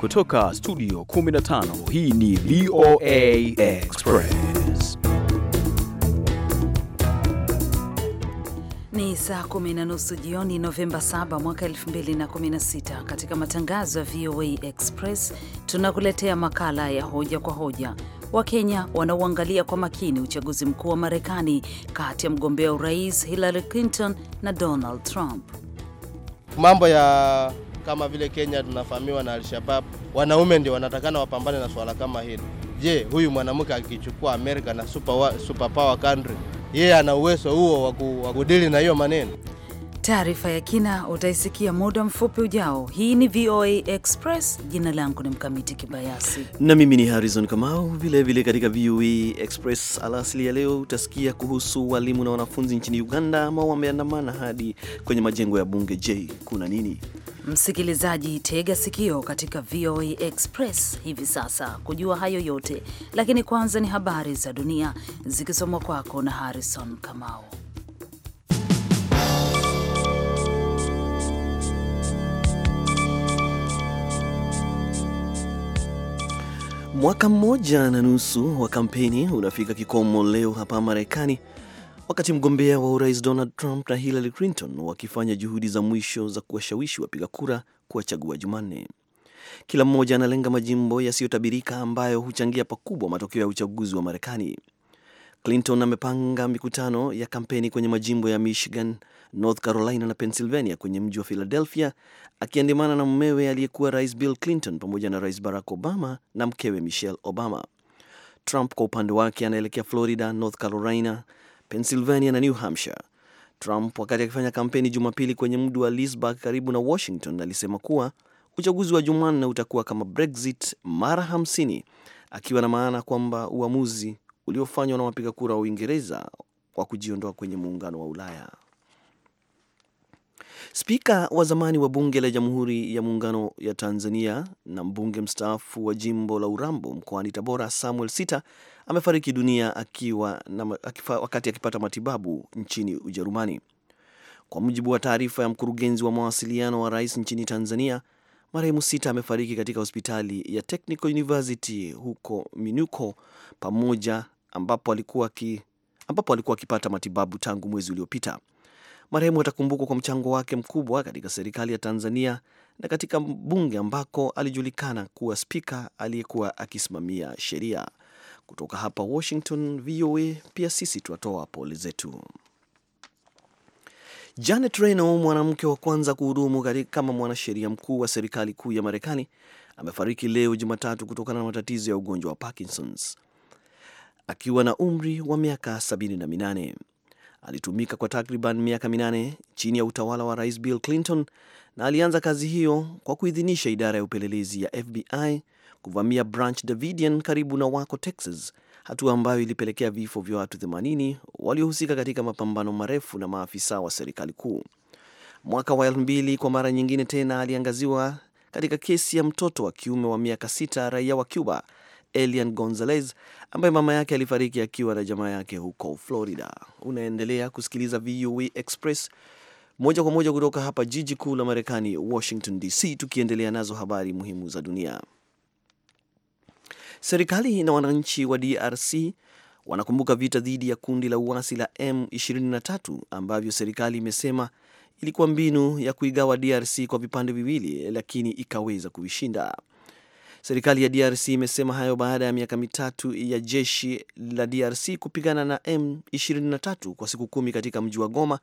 Kutoka studio 15 hii ni VOA Express. Ni saa kumi na nusu jioni Novemba 7 mwaka 2016. Katika matangazo ya VOA Express tunakuletea makala ya hoja kwa hoja. Wakenya wanauangalia kwa makini uchaguzi mkuu wa Marekani kati ya mgombea urais Hillary Clinton na Donald Trump. Mambo ya kama vile Kenya tunafahamiwa na Alshabab, wanaume ndio wanatakana wapambane na swala kama hili. Je, huyu mwanamke akichukua Amerika na super, super power country, yeye ana uwezo huo wa kudili na hiyo maneno? Taarifa ya kina utaisikia muda mfupi ujao. Hii ni VOA Express. Jina langu ni Mkamiti Kibayasi na mimi ni Harrison Kamau. Vilevile katika VOA Express alasili ya leo utasikia kuhusu walimu na wanafunzi nchini Uganda ambao wameandamana hadi kwenye majengo ya bunge. Je, kuna nini? Msikilizaji, tega sikio katika VOA Express hivi sasa kujua hayo yote, lakini kwanza ni habari za dunia zikisomwa kwako na Harrison Kamau. Mwaka mmoja na nusu wa kampeni unafika kikomo leo hapa Marekani Wakati mgombea wa urais Donald Trump na Hillary Clinton wakifanya juhudi za mwisho za kuwashawishi wapiga kura kuwachagua Jumanne, kila mmoja analenga majimbo yasiyotabirika ambayo huchangia pakubwa matokeo ya uchaguzi wa Marekani. Clinton amepanga mikutano ya kampeni kwenye majimbo ya Michigan, North Carolina na Pennsylvania kwenye mji wa Philadelphia, akiandamana na mumewe aliyekuwa rais Bill Clinton pamoja na rais Barack Obama na mkewe Michelle Obama. Trump kwa upande wake anaelekea Florida, North Carolina Pennsylvania na New Hampshire. Trump wakati akifanya kampeni Jumapili kwenye mji wa Leesburg karibu na Washington alisema kuwa uchaguzi wa Jumanne utakuwa kama Brexit mara hamsini, akiwa na maana kwamba uamuzi uliofanywa na wapiga kura wa Uingereza wa kujiondoa kwenye muungano wa Ulaya Spika wa zamani wa bunge la Jamhuri ya Muungano ya Tanzania na mbunge mstaafu wa jimbo la Urambo mkoani Tabora, Samuel Sita amefariki dunia akiwa na, akifa, wakati akipata matibabu nchini Ujerumani. Kwa mujibu wa taarifa ya mkurugenzi wa mawasiliano wa rais nchini Tanzania, marehemu Sita amefariki katika hospitali ya Technical University huko Minuko pamoja ambapo alikuwa akipata matibabu tangu mwezi uliopita. Marehemu atakumbukwa kwa mchango wake mkubwa katika serikali ya Tanzania na katika bunge ambako alijulikana kuwa spika aliyekuwa akisimamia sheria. Kutoka hapa Washington, VOA pia sisi tuatoa pole zetu. Janet Reno, mwanamke wa kwanza kuhudumu kama mwanasheria mkuu wa serikali kuu ya Marekani, amefariki leo Jumatatu kutokana na matatizo ya ugonjwa wa Parkinsons akiwa na umri wa miaka 78 alitumika kwa takriban miaka minane chini ya utawala wa Rais Bill Clinton na alianza kazi hiyo kwa kuidhinisha idara ya upelelezi ya FBI kuvamia Branch Davidian karibu na Waco, Texas, hatua ambayo ilipelekea vifo vya watu 80 waliohusika katika mapambano marefu na maafisa wa serikali kuu. Mwaka wa 2000 kwa mara nyingine tena aliangaziwa katika kesi ya mtoto wa kiume wa miaka sita raia wa Cuba Elian Gonzalez ambaye mama yake alifariki akiwa na jamaa yake huko Florida. Unaendelea kusikiliza VOA Express moja kwa moja kutoka hapa jiji kuu la Marekani, Washington DC, tukiendelea nazo habari muhimu za dunia. Serikali na wananchi wa DRC wanakumbuka vita dhidi ya kundi la uasi la M23 ambavyo serikali imesema ilikuwa mbinu ya kuigawa DRC kwa vipande viwili, lakini ikaweza kuvishinda Serikali ya DRC imesema hayo baada ya miaka mitatu ya jeshi la DRC kupigana na M23 kwa siku kumi katika mji wa Goma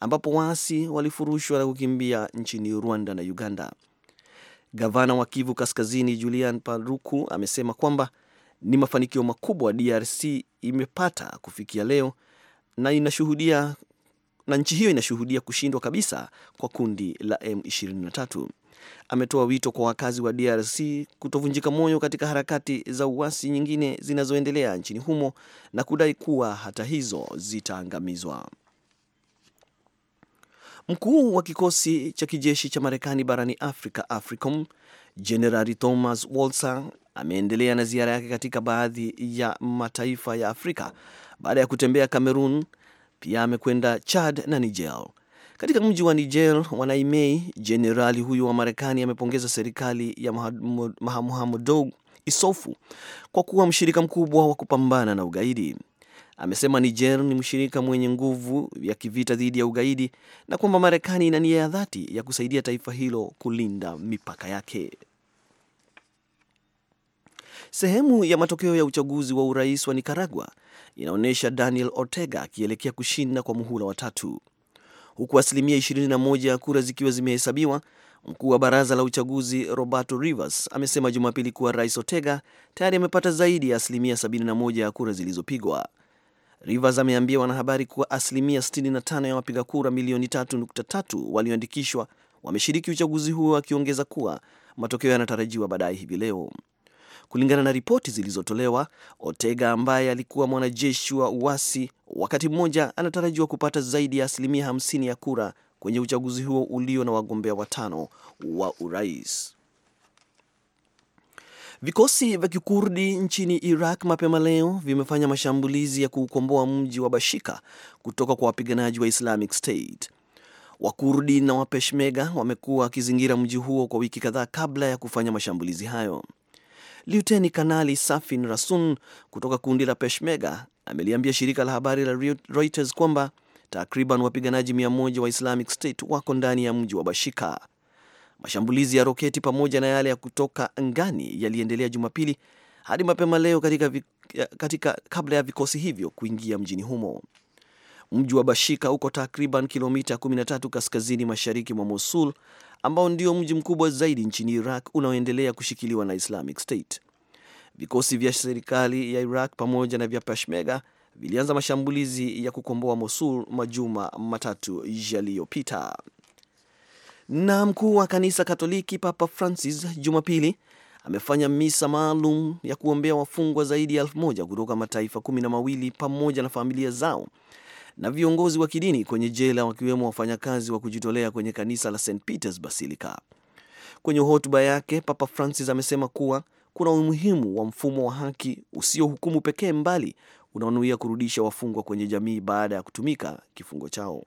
ambapo waasi walifurushwa na kukimbia nchini Rwanda na Uganda. Gavana wa Kivu Kaskazini Julian Paluku amesema kwamba ni mafanikio makubwa DRC imepata kufikia leo na inashuhudia na nchi hiyo inashuhudia kushindwa kabisa kwa kundi la M23 ametoa wito kwa wakazi wa DRC kutovunjika moyo katika harakati za uasi nyingine zinazoendelea nchini humo na kudai kuwa hata hizo zitaangamizwa. Mkuu wa kikosi cha kijeshi cha Marekani barani Afrika, AFRICOM, Jenerali Thomas Walser ameendelea na ziara yake katika baadhi ya mataifa ya Afrika baada ya kutembea Cameroon. Pia amekwenda Chad na Niger. Katika mji wa Niger wa Niamey, jenerali huyo wa Marekani amepongeza serikali ya Mahamudu Isofu kwa kuwa mshirika mkubwa wa kupambana na ugaidi. Amesema Niger ni mshirika mwenye nguvu ya kivita dhidi ya ugaidi na kwamba Marekani ina nia ya dhati ya kusaidia taifa hilo kulinda mipaka yake. Sehemu ya matokeo ya uchaguzi wa urais wa Nicaragua inaonyesha Daniel Ortega akielekea kushinda kwa muhula wa tatu huku asilimia 21 ya kura zikiwa zimehesabiwa. Mkuu wa baraza la uchaguzi Roberto Rivers amesema Jumapili kuwa rais Ortega tayari amepata zaidi ya asilimia 71 ya kura zilizopigwa. Rivers ameambia wanahabari kuwa asilimia 65 ya wapiga kura milioni 3.3 walioandikishwa wameshiriki uchaguzi huo, akiongeza kuwa matokeo yanatarajiwa baadaye hivi leo. Kulingana na ripoti zilizotolewa, otega ambaye alikuwa mwanajeshi wa uasi wakati mmoja, anatarajiwa kupata zaidi ya asilimia 50 ya kura kwenye uchaguzi huo ulio na wagombea watano wa urais. Vikosi vya kikurdi nchini Iraq mapema leo vimefanya mashambulizi ya kuukomboa mji wa Bashika kutoka kwa wapiganaji wa Islamic State. Wakurdi na wapeshmega wamekuwa wakizingira mji huo kwa wiki kadhaa kabla ya kufanya mashambulizi hayo. Liuteni Kanali Safin Rasun kutoka kundi la Peshmerga ameliambia shirika la habari la Reuters kwamba takriban wapiganaji 1 wa Islamic State wako ndani ya mji wa Bashika. Mashambulizi ya roketi pamoja na yale ya kutoka angani yaliendelea Jumapili hadi mapema leo katika, katika kabla ya vikosi hivyo kuingia mjini humo. Mji wa Bashika uko takriban kilomita 13 kaskazini mashariki mwa Mosul ambao ndio mji mkubwa zaidi nchini Iraq unaoendelea kushikiliwa na Islamic State. Vikosi vya serikali ya Iraq pamoja na vya Peshmerga vilianza mashambulizi ya kukomboa Mosul majuma matatu yaliyopita. Na mkuu wa kanisa Katoliki Papa Francis Jumapili amefanya misa maalum ya kuombea wafungwa zaidi ya elfu moja kutoka mataifa kumi na mawili pamoja na familia zao na viongozi wa kidini kwenye jela wakiwemo wafanyakazi wa kujitolea kwenye kanisa la St Peters Basilica. Kwenye hotuba yake, Papa Francis amesema kuwa kuna umuhimu wa mfumo wa haki usiohukumu pekee, mbali unaonuia kurudisha wafungwa kwenye jamii baada ya kutumika kifungo chao.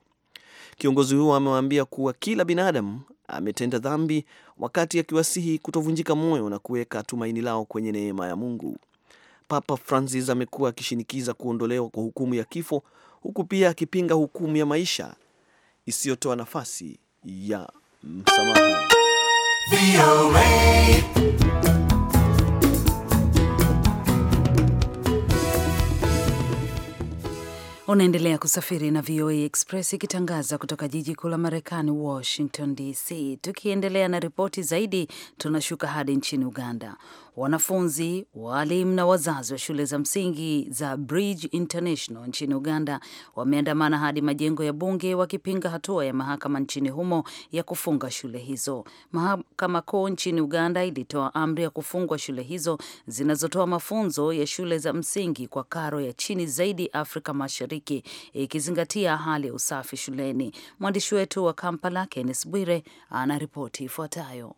Kiongozi huo amewaambia kuwa kila binadamu ametenda dhambi, wakati akiwasihi kutovunjika moyo na kuweka tumaini lao kwenye neema ya Mungu. Papa Francis amekuwa akishinikiza kuondolewa kwa hukumu ya kifo huku pia akipinga hukumu ya maisha isiyotoa nafasi ya msamaha. Unaendelea kusafiri na VOA Express ikitangaza kutoka jiji kuu la Marekani, Washington DC. Tukiendelea na ripoti zaidi, tunashuka hadi nchini Uganda. Wanafunzi, waalimu na wazazi wa shule za msingi za Bridge International nchini Uganda wameandamana hadi majengo ya bunge wakipinga hatua ya mahakama nchini humo ya kufunga shule hizo. Mahakama Kuu nchini Uganda ilitoa amri ya kufungwa shule hizo zinazotoa mafunzo ya shule za msingi kwa karo ya chini zaidi Afrika Mashariki, ikizingatia hali ya usafi shuleni. Mwandishi wetu wa Kampala, Kenneth Bwire, ana ripoti ifuatayo.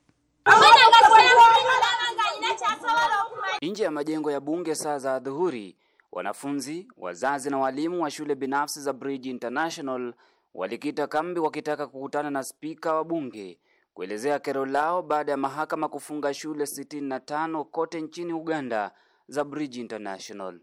Nje ya majengo ya bunge saa za adhuhuri, wanafunzi, wazazi na walimu wa shule binafsi za Bridge International walikita kambi wakitaka kukutana na spika wa bunge kuelezea kero lao baada ya mahakama kufunga shule 65 kote nchini Uganda za Bridge International.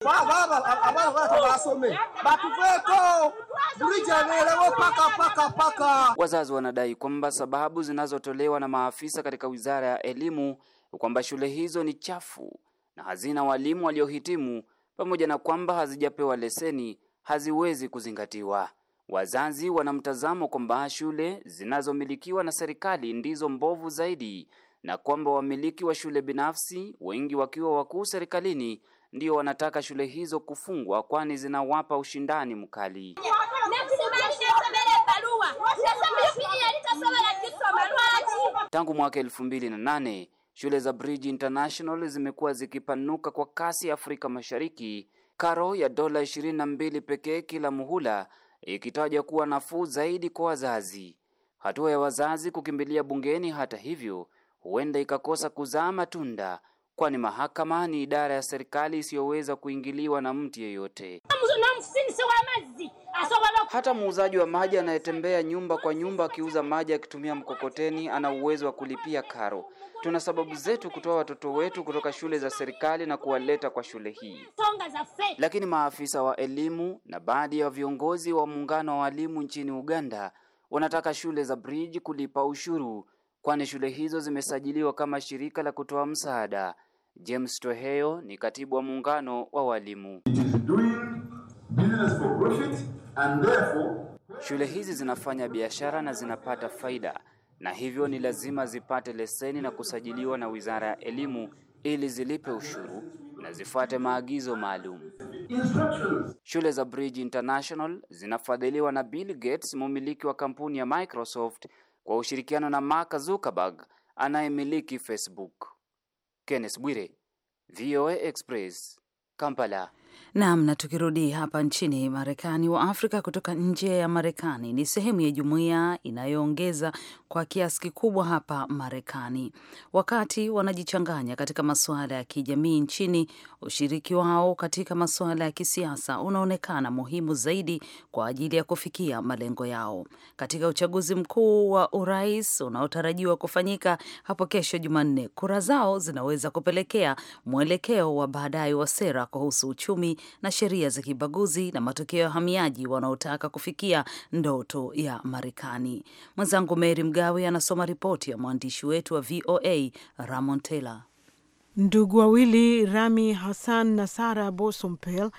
Wazazi wanadai kwamba sababu zinazotolewa na maafisa katika Wizara ya Elimu kwamba shule hizo ni chafu na hazina walimu waliohitimu, pamoja na kwamba hazijapewa leseni, haziwezi kuzingatiwa. Wazazi wana mtazamo kwamba shule zinazomilikiwa na serikali ndizo mbovu zaidi na kwamba wamiliki wa shule binafsi, wengi wakiwa wakuu serikalini, ndio wanataka shule hizo kufungwa, kwani zinawapa ushindani mkali. Tangu mwaka elfu mbili na nane Shule za Bridge International zimekuwa zikipanuka kwa kasi Afrika Mashariki, karo ya dola 22 pekee kila muhula ikitaja kuwa nafuu zaidi kwa wazazi. Hatua ya wazazi kukimbilia bungeni, hata hivyo, huenda ikakosa kuzaa matunda kwani mahakama ni idara ya serikali isiyoweza kuingiliwa na mtu yeyote. Hata muuzaji wa maji anayetembea nyumba kwa nyumba akiuza maji akitumia mkokoteni ana uwezo wa kulipia karo. Tuna sababu zetu kutoa watoto wetu kutoka shule za serikali na kuwaleta kwa shule hii, lakini maafisa wa elimu na baadhi ya viongozi wa muungano wa walimu nchini Uganda wanataka shule za Bridge kulipa ushuru, kwani shule hizo zimesajiliwa kama shirika la kutoa msaada. James Toheyo ni katibu wa muungano wa walimu. Shule hizi zinafanya biashara na zinapata faida na hivyo ni lazima zipate leseni na kusajiliwa na Wizara ya Elimu ili zilipe ushuru na zifuate maagizo maalum. Shule za Bridge International zinafadhiliwa na Bill Gates, mumiliki wa kampuni ya Microsoft, kwa ushirikiano na Mark Zuckerberg anayemiliki Facebook. Kenneth VOE VOA e Express, Kampala. Nam, na tukirudi hapa nchini Marekani, wa afrika kutoka nje ya Marekani ni sehemu ya jumuiya inayoongeza kwa kiasi kikubwa hapa Marekani. Wakati wanajichanganya katika masuala ya kijamii nchini, ushiriki wao katika masuala ya kisiasa unaonekana muhimu zaidi kwa ajili ya kufikia malengo yao. Katika uchaguzi mkuu wa urais unaotarajiwa kufanyika hapo kesho Jumanne, kura zao zinaweza kupelekea mwelekeo wa baadaye wa sera kuhusu uchumi na sheria za kibaguzi na matokeo ya wahamiaji wanaotaka kufikia ndoto ya Marekani. Mwenzangu Mary Mgawe anasoma ripoti ya mwandishi wetu wa VOA Ramon Taylor. Ndugu wawili Rami Hassan na Sara Bosompel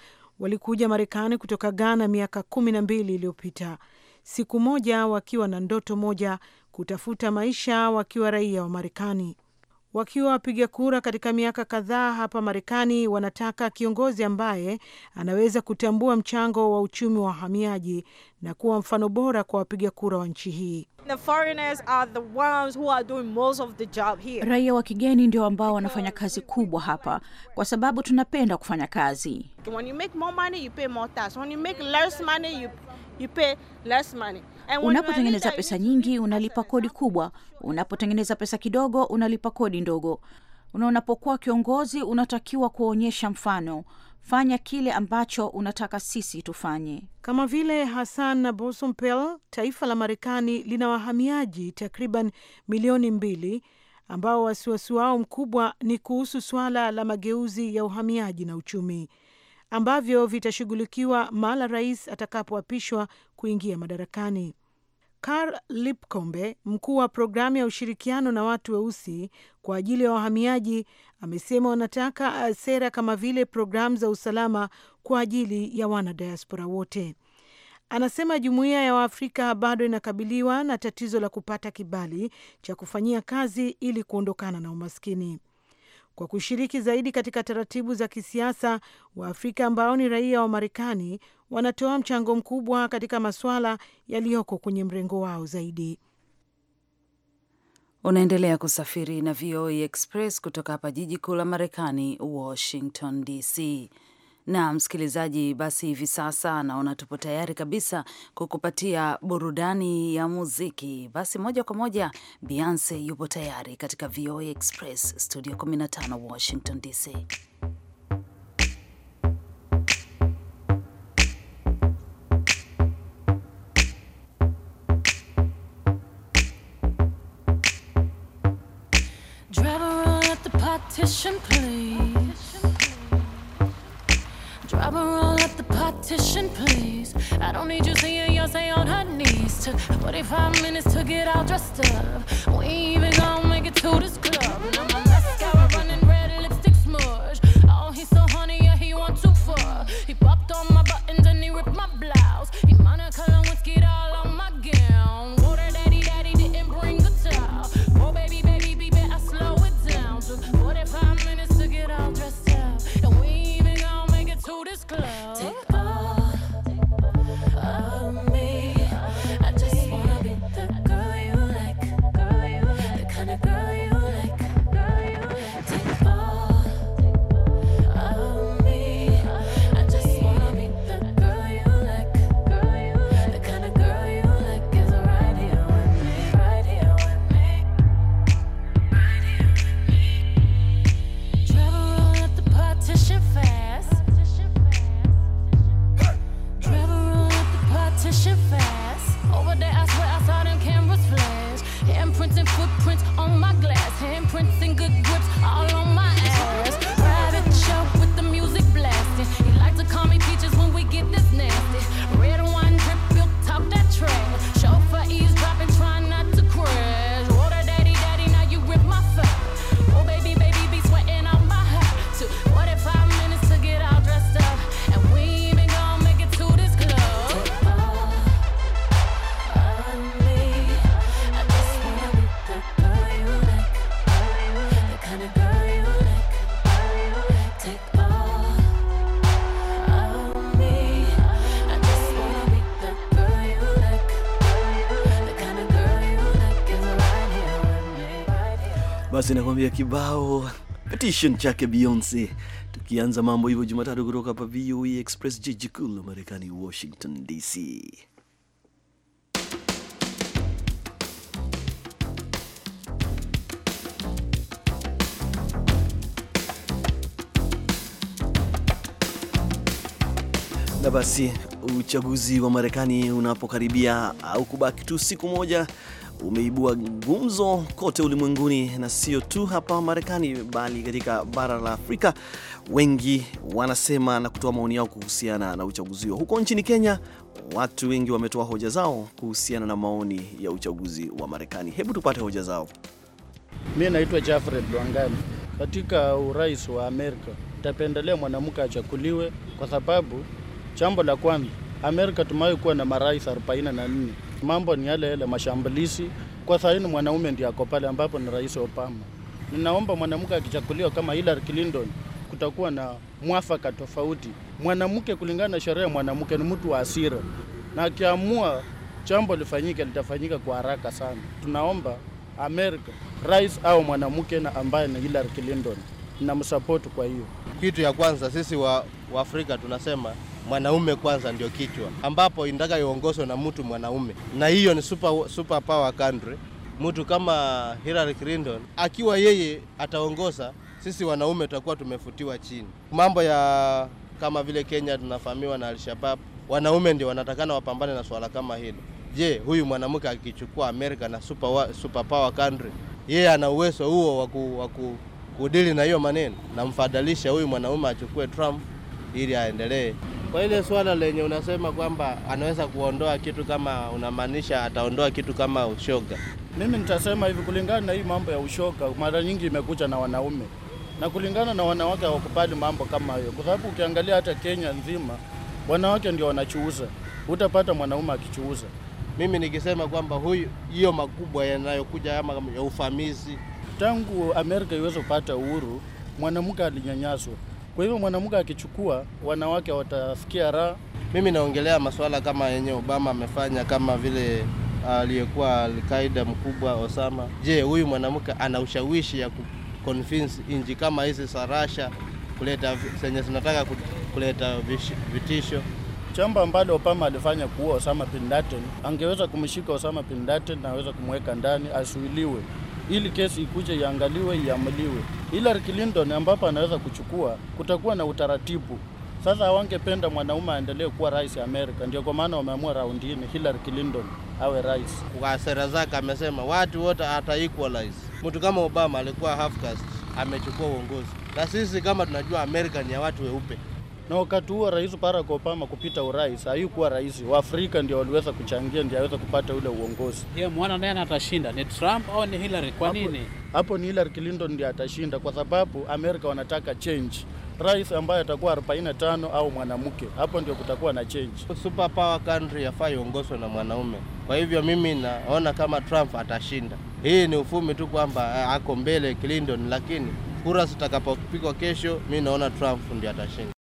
walikuja Marekani kutoka Ghana miaka kumi na mbili iliyopita, siku moja wakiwa na ndoto moja, kutafuta maisha wakiwa raia wa Marekani wakiwa wapiga kura katika miaka kadhaa hapa Marekani wanataka kiongozi ambaye anaweza kutambua mchango wa uchumi wa wahamiaji na kuwa mfano bora kwa wapiga kura wa nchi hii. Raia wa kigeni ndio ambao wanafanya kazi kubwa hapa, kwa sababu tunapenda kufanya kazi. Unapotengeneza pesa nyingi unalipa kodi kubwa, unapotengeneza pesa kidogo unalipa kodi ndogo. Na unapokuwa kiongozi unatakiwa kuonyesha mfano, fanya kile ambacho unataka sisi tufanye. Kama vile Hassan Bosumpel, taifa la Marekani lina wahamiaji takriban milioni mbili ambao wasiwasi wao mkubwa ni kuhusu suala la mageuzi ya uhamiaji na uchumi ambavyo vitashughulikiwa mara rais atakapoapishwa kuingia madarakani. Carl lipcombe mkuu wa programu ya ushirikiano na watu weusi kwa ajili ya wahamiaji, amesema wanataka uh, sera kama vile programu za usalama kwa ajili ya wanadiaspora wote. Anasema jumuiya ya Waafrika bado inakabiliwa na tatizo la kupata kibali cha kufanyia kazi ili kuondokana na umaskini kwa kushiriki zaidi katika taratibu za kisiasa. Waafrika ambao ni raia wa Marekani wanatoa mchango mkubwa katika masuala yaliyoko kwenye mrengo wao zaidi. Unaendelea kusafiri na VOA e Express kutoka hapa jiji kuu la Marekani, Washington DC. Na msikilizaji, basi hivi sasa naona tupo tayari kabisa kukupatia burudani ya muziki. Basi moja kwa moja, Beyonce yupo tayari katika VOA Express studio 15 Washington DC. Politician, please. I don't need you seeing Yonsei on her knees. Took 45 minutes to get all dressed up. We ain't even gonna make it to this club. on my glass, handprints in good tunakuambia kibao petition chake Beyonce, tukianza mambo hivyo Jumatatu kutoka hapa VOA e Express, jiji kuu la Marekani, Washington DC. Na basi uchaguzi wa Marekani unapokaribia au kubaki tu siku moja umeibua gumzo kote ulimwenguni na sio tu hapa Marekani, bali katika bara la Afrika. Wengi wanasema na kutoa maoni yao kuhusiana na uchaguzi huo. Huko nchini Kenya, watu wengi wametoa hoja zao kuhusiana na maoni ya uchaguzi wa Marekani. Hebu tupate hoja zao. Mi naitwa Jafred Dwangani. Katika urais wa Amerika tapendelea mwanamke achakuliwe, kwa sababu jambo la kwanza, Amerika tumewahi kuwa na marais 44 Mambo ni yale yale, mashambulizi kwa saini, mwanaume ndiye ako pale ambapo ni Rais Obama. Ninaomba mwanamke akichaguliwa kama Hillary Clinton, kutakuwa na mwafaka tofauti. Mwanamke kulingana na sheria, mwanamke ni mtu wa asira, na akiamua jambo lifanyike litafanyika kwa haraka sana. Tunaomba Amerika rais au mwanamke na ambaye ni Hillary Clinton, namsapoti. Kwa hiyo kitu ya kwanza sisi wa, wa Afrika tunasema mwanaume kwanza ndio kichwa, ambapo inataka iongozwe na mtu mwanaume, na hiyo ni super, super power country. Mtu kama Hillary Clinton akiwa yeye ataongoza, sisi wanaume tutakuwa tumefutiwa chini. Mambo ya kama vile Kenya tunafahamiwa na Alshabab, wanaume ndio wanatakana wapambane na swala kama hilo. Je, huyu mwanamke akichukua Amerika na super, super power country, yeye ana uwezo huo wa kudili na hiyo maneno? Namfadhalisha huyu mwanaume achukue Trump ili aendelee kwa ile swala lenye unasema kwamba anaweza kuondoa kitu, kama unamaanisha ataondoa kitu kama ushoga, mimi nitasema hivi, kulingana na hii mambo ya ushoga, mara nyingi imekuja na wanaume na kulingana na wanawake hawakubali mambo kama hiyo kwa sababu ukiangalia hata Kenya nzima wanawake ndio wanachuuza, utapata mwanaume akichuuza. Mimi nikisema kwamba huyu, hiyo makubwa yanayokuja ama ya ufamizi, tangu Amerika iweze kupata uhuru mwanamke alinyanyaswa kwa hivyo mwanamke akichukua, wanawake watafikia raha. Mimi naongelea masuala kama yenye Obama amefanya kama vile ah, aliyekuwa Alkaida mkubwa Osama. Je, huyu mwanamke ana ushawishi ya kuconvince inji kama hizi za Russia kuleta zenye zinataka kuleta vitisho? Jambo ambalo Obama alifanya kuua Osama bin Laden, angeweza kumshika Osama bin Laden na aweza kumweka ndani, asuiliwe ili kesi ikuje iangaliwe, iamuliwe Hillary Clinton ambapo anaweza kuchukua, kutakuwa na utaratibu. Sasa hawangependa mwanaume aendelee kuwa rais ya Amerika, ndio kwa maana wameamua raundi hii Hillary Clinton awe rais. Kwa sera zake amesema watu wote ata equalize. Mtu kama Obama alikuwa half caste, amechukua uongozi, na sisi kama tunajua Amerika ni ya watu weupe na wakati huo Rais Barack Obama kupita urais hayukuwa rais wa Afrika, ndio waliweza kuchangia, ndio aweza kupata ule uongozi. Je, mwana naye atashinda, ni Trump au ni Hillary? Kwa nini hapo? Ni Hillary Clinton ndio atashinda, kwa sababu Amerika wanataka change rais ambaye atakuwa 45 au mwanamke, hapo ndio kutakuwa na change. Super power country yafaa iongozwe na mwanaume. Kwa hivyo mimi naona kama Trump atashinda. Hii ni ufumi tu kwamba eh, ako mbele Clinton, lakini kura zitakapopigwa kesho, mi naona Trump ndio atashinda.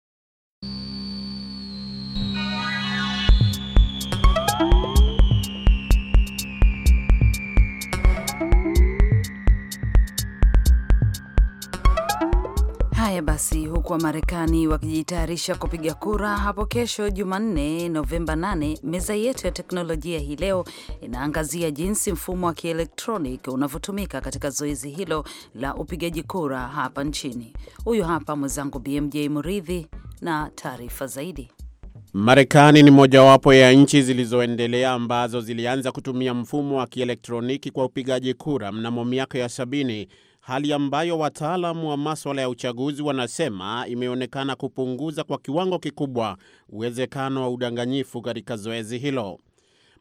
Basi huku Wamarekani wakijitayarisha kupiga kura hapo kesho Jumanne, Novemba 8, meza yetu ya teknolojia hii leo inaangazia jinsi mfumo wa kielektronic unavyotumika katika zoezi hilo la upigaji kura hapa nchini. Huyu hapa mwenzangu BMJ Muridhi na taarifa zaidi. Marekani ni mojawapo ya nchi zilizoendelea ambazo zilianza kutumia mfumo wa kielektroniki kwa upigaji kura mnamo miaka ya sabini hali ambayo wataalamu wa maswala ya uchaguzi wanasema imeonekana kupunguza kwa kiwango kikubwa uwezekano wa udanganyifu katika zoezi hilo.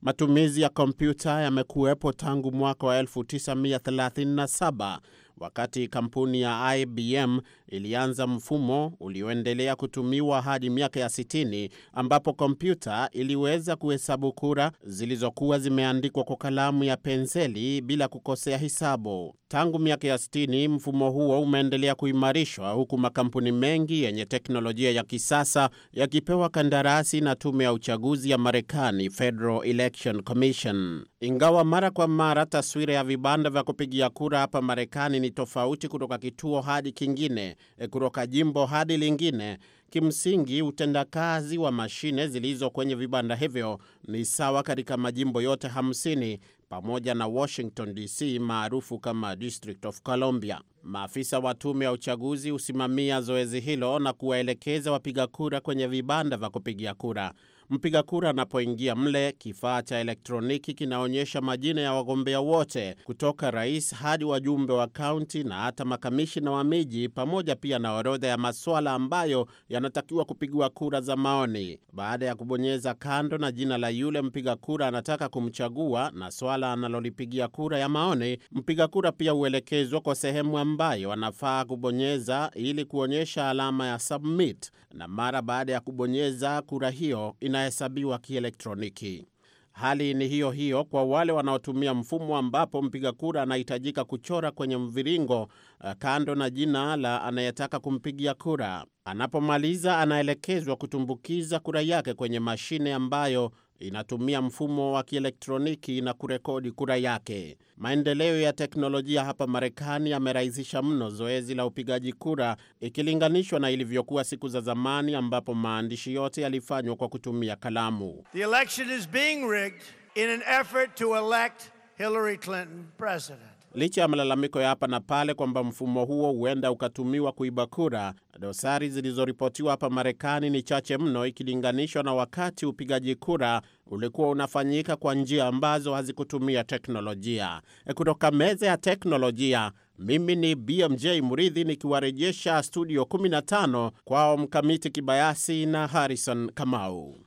Matumizi ya kompyuta yamekuwepo tangu mwaka wa 1937 wakati kampuni ya IBM ilianza mfumo ulioendelea kutumiwa hadi miaka ya 60 ambapo kompyuta iliweza kuhesabu kura zilizokuwa zimeandikwa kwa kalamu ya penseli bila kukosea hisabu. Tangu miaka ya 60 mfumo huo umeendelea kuimarishwa huku makampuni mengi yenye teknolojia ya kisasa yakipewa kandarasi na tume ya uchaguzi ya Marekani, Federal Election Commission. Ingawa mara kwa mara taswira ya vibanda vya kupigia kura hapa Marekani ni tofauti kutoka kituo hadi kingine, e, kutoka jimbo hadi lingine. Kimsingi, utendakazi wa mashine zilizo kwenye vibanda hivyo ni sawa katika majimbo yote 50 pamoja na Washington DC maarufu kama District of Columbia. Maafisa wa tume ya uchaguzi husimamia zoezi hilo na kuwaelekeza wapiga kura kwenye vibanda vya kupigia kura. Mpiga kura anapoingia mle, kifaa cha elektroniki kinaonyesha majina ya wagombea wote kutoka rais hadi wajumbe wa kaunti na hata makamishina wa miji, pamoja pia na orodha ya maswala ambayo yanatakiwa kupigiwa kura za maoni. Baada ya kubonyeza kando na jina la yule mpiga kura anataka kumchagua na swala analolipigia kura ya maoni, mpiga kura pia huelekezwa kwa sehemu ambayo anafaa kubonyeza ili kuonyesha alama ya submit, na mara baada ya kubonyeza kura hiyo ina inahesabiwa kielektroniki. Hali ni hiyo hiyo kwa wale wanaotumia mfumo ambapo mpiga kura anahitajika kuchora kwenye mviringo eh, kando na jina la anayetaka kumpigia kura. Anapomaliza, anaelekezwa kutumbukiza kura yake kwenye mashine ambayo inatumia mfumo wa kielektroniki na kurekodi kura yake. Maendeleo ya teknolojia hapa Marekani yamerahisisha mno zoezi la upigaji kura ikilinganishwa na ilivyokuwa siku za zamani, ambapo maandishi yote yalifanywa kwa kutumia kalamu. The election is being rigged in an effort to elect Hillary Clinton president. Licha ya malalamiko ya hapa na pale kwamba mfumo huo huenda ukatumiwa kuiba kura, dosari zilizoripotiwa hapa Marekani ni chache mno ikilinganishwa na wakati upigaji kura ulikuwa unafanyika kwa njia ambazo hazikutumia teknolojia. E, kutoka meza ya teknolojia, mimi ni BMJ Muridhi nikiwarejesha studio 15 kwao Mkamiti Kibayasi na Harrison Kamau.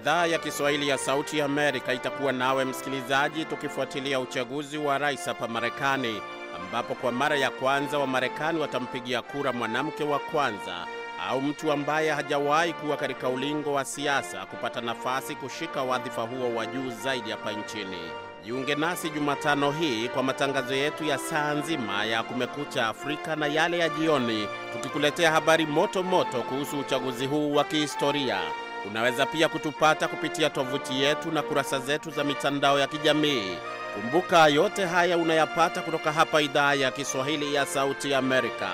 Idhaa ya Kiswahili ya Sauti ya Amerika itakuwa nawe msikilizaji, tukifuatilia uchaguzi wa rais hapa Marekani, ambapo kwa mara ya kwanza Wamarekani watampigia kura mwanamke wa kwanza au mtu ambaye hajawahi kuwa katika ulingo wa siasa kupata nafasi kushika wadhifa huo wa juu zaidi hapa nchini. Jiunge nasi Jumatano hii kwa matangazo yetu ya saa nzima ya Kumekucha Afrika na yale ya jioni, tukikuletea habari moto moto kuhusu uchaguzi huu wa kihistoria. Unaweza pia kutupata kupitia tovuti yetu na kurasa zetu za mitandao ya kijamii. Kumbuka yote haya unayapata kutoka hapa idhaa ya Kiswahili ya Sauti ya Amerika.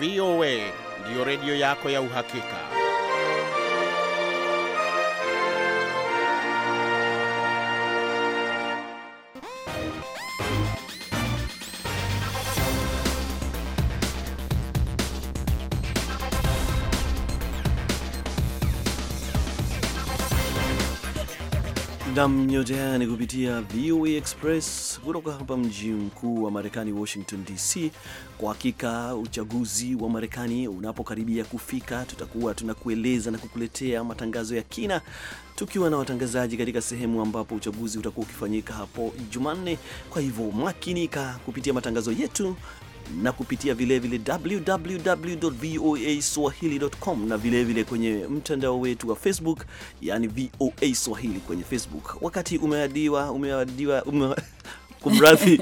VOA ndiyo redio yako ya uhakika. haya ni kupitia VOA Express kutoka hapa mji mkuu wa Marekani, Washington DC. Kwa hakika uchaguzi wa Marekani unapokaribia kufika, tutakuwa tunakueleza na kukuletea matangazo ya kina tukiwa na watangazaji katika sehemu ambapo uchaguzi utakuwa ukifanyika hapo Jumanne. Kwa hivyo makinika kupitia matangazo yetu na kupitia vilevile www.voaswahili.com na vilevile vile kwenye mtandao wetu wa Facebook, yani VOA Swahili kwenye Facebook. Wakati umeadiwa, umeadiwa, ume... Kumradhi.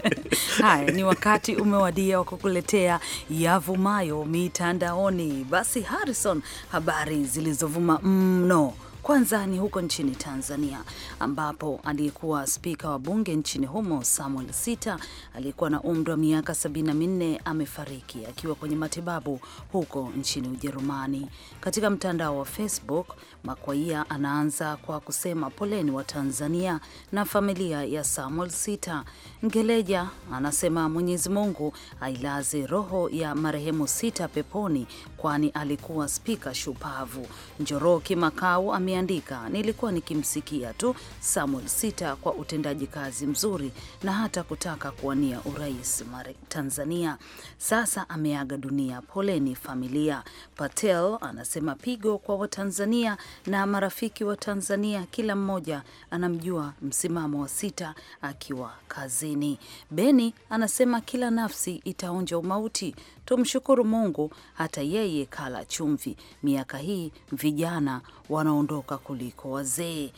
Haya, ni wakati umewadia wa kukuletea yavumayo mitandaoni. Basi Harrison, habari zilizovuma mno mm, kwanza ni huko nchini Tanzania ambapo aliyekuwa spika wa bunge nchini humo Samuel Sita aliyekuwa na umri wa miaka 74 amefariki akiwa kwenye matibabu huko nchini Ujerumani. Katika mtandao wa Facebook, Makwaia anaanza kwa kusema poleni wa Tanzania na familia ya Samuel Sita. Ngeleja anasema Mwenyezi Mungu ailaze roho ya marehemu Sita peponi kwani alikuwa spika shupavu. Njoroki Makau ameandika, nilikuwa nikimsikia tu Samuel Sita kwa utendaji kazi mzuri na hata kutaka kuwania urais Tanzania. Sasa ameaga dunia, poleni familia. Patel anasema pigo kwa Watanzania na marafiki wa Tanzania, kila mmoja anamjua msimamo wa Sita akiwa kazini. Beni anasema kila nafsi itaonja umauti, tumshukuru Mungu hata yeye asiyekala chumvi. Miaka hii vijana wanaondoka kuliko wazee.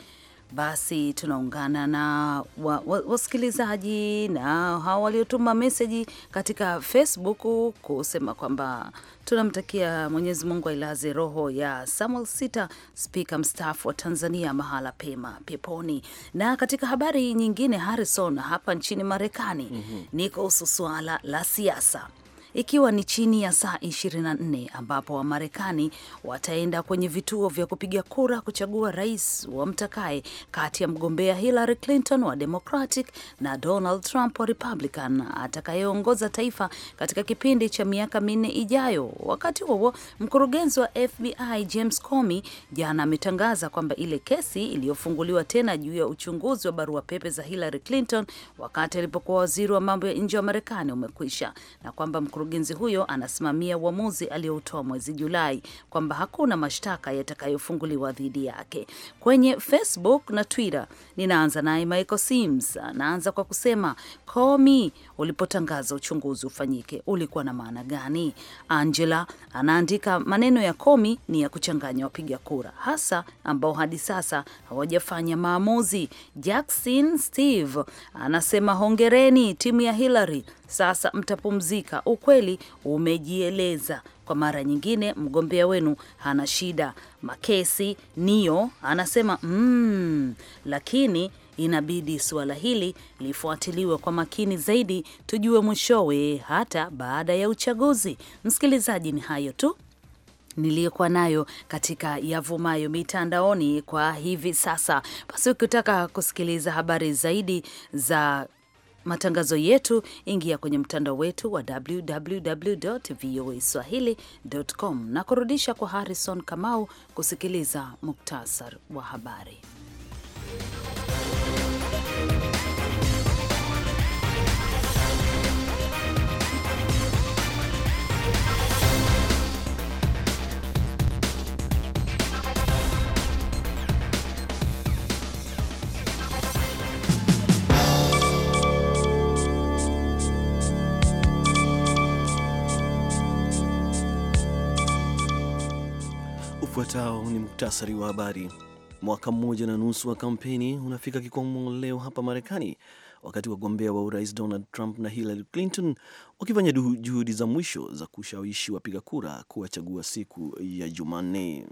Basi tunaungana na wa, wa, wasikilizaji na hao waliotuma meseji katika Facebook kusema kwamba tunamtakia Mwenyezi Mungu ailaze roho ya Samuel Sita, spika mstaafu wa Tanzania, mahala pema peponi. Na katika habari nyingine, Harrison, hapa nchini Marekani mm -hmm. ni kuhusu suala la siasa ikiwa ni chini ya saa 24 ambapo Wamarekani wataenda kwenye vituo vya kupiga kura kuchagua rais wa mtakae kati ya mgombea Hillary Clinton wa Democratic na Donald Trump wa Republican atakayeongoza taifa katika kipindi cha miaka minne ijayo. Wakati huo mkurugenzi wa FBI James Comey jana ametangaza kwamba ile kesi iliyofunguliwa tena juu ya uchunguzi wa barua pepe za Hillary Clinton wakati alipokuwa waziri wa mambo ya nje wa Marekani umekwisha na kwamba Mkurugenzi huyo anasimamia uamuzi aliyoutoa mwezi Julai kwamba hakuna mashtaka yatakayofunguliwa dhidi yake. Kwenye Facebook na Twitter, ninaanza naye Michael Sims, anaanza kwa kusema komi, ulipotangaza uchunguzi ufanyike ulikuwa na maana gani? Angela anaandika maneno ya komi ni ya kuchanganya wapiga kura, hasa ambao hadi sasa hawajafanya maamuzi. Jackson Steve anasema hongereni timu ya Hillary sasa mtapumzika, ukweli umejieleza. Kwa mara nyingine, mgombea wenu hana shida. Makesi niyo anasema mm, lakini inabidi suala hili lifuatiliwe kwa makini zaidi, tujue mwishowe hata baada ya uchaguzi. Msikilizaji, ni hayo tu niliyokuwa nayo katika yavumayo mitandaoni kwa hivi sasa. Basi ukitaka kusikiliza habari zaidi za matangazo yetu, ingia kwenye mtandao wetu wa www voa swahili.com na kurudisha kwa Harrison Kamau kusikiliza muktasar wa habari. Ufuatao ni muktasari wa habari. Mwaka mmoja na nusu wa kampeni unafika kikomo leo hapa Marekani, wakati wagombea wa urais Donald Trump na Hillary Clinton wakifanya juhudi za mwisho za kushawishi wapiga kura kuwachagua siku ya Jumanne.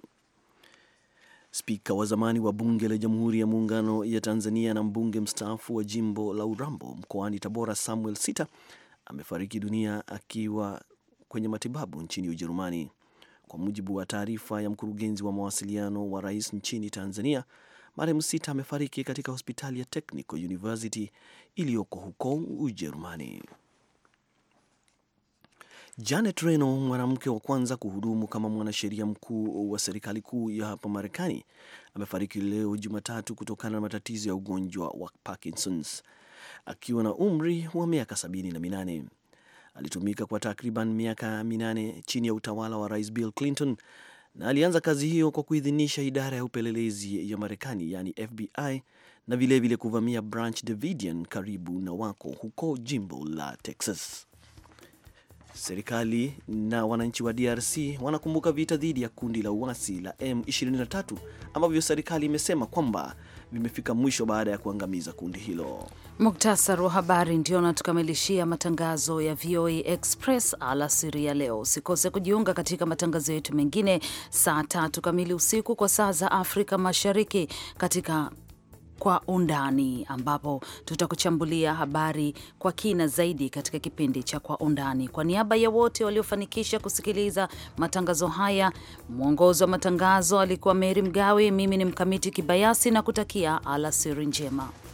Spika wa zamani wa bunge la Jamhuri ya Muungano ya Tanzania na mbunge mstaafu wa jimbo la Urambo mkoani Tabora, Samuel Sita amefariki dunia akiwa kwenye matibabu nchini Ujerumani. Kwa mujibu wa taarifa ya mkurugenzi wa mawasiliano wa rais nchini Tanzania, marehemu Sita amefariki katika hospitali ya Technical University iliyoko huko Ujerumani. Janet Reno, mwanamke wa kwanza kuhudumu kama mwanasheria mkuu wa serikali kuu ya hapa Marekani, amefariki leo Jumatatu kutokana na matatizo ya ugonjwa wa Parkinsons akiwa na umri wa miaka 7bm8n alitumika kwa takriban miaka minane chini ya utawala wa Rais Bill Clinton na alianza kazi hiyo kwa kuidhinisha idara ya upelelezi ya Marekani yani FBI na vilevile kuvamia Branch Davidian karibu na wako huko jimbo la Texas. Serikali na wananchi wa DRC wanakumbuka vita dhidi ya kundi la uasi la M23 ambavyo serikali imesema kwamba vimefika mwisho baada ya kuangamiza kundi hilo. muktasar wa habari ndio natukamilishia matangazo ya VOA Express alasiri ya leo. Usikose kujiunga katika matangazo yetu mengine saa tatu kamili usiku kwa saa za Afrika Mashariki katika kwa undani ambapo tutakuchambulia habari kwa kina zaidi katika kipindi cha kwa undani. Kwa niaba ya wote waliofanikisha kusikiliza matangazo haya, mwongozi wa matangazo alikuwa Meri Mgawe, mimi ni Mkamiti Kibayasi na kutakia alasiri njema.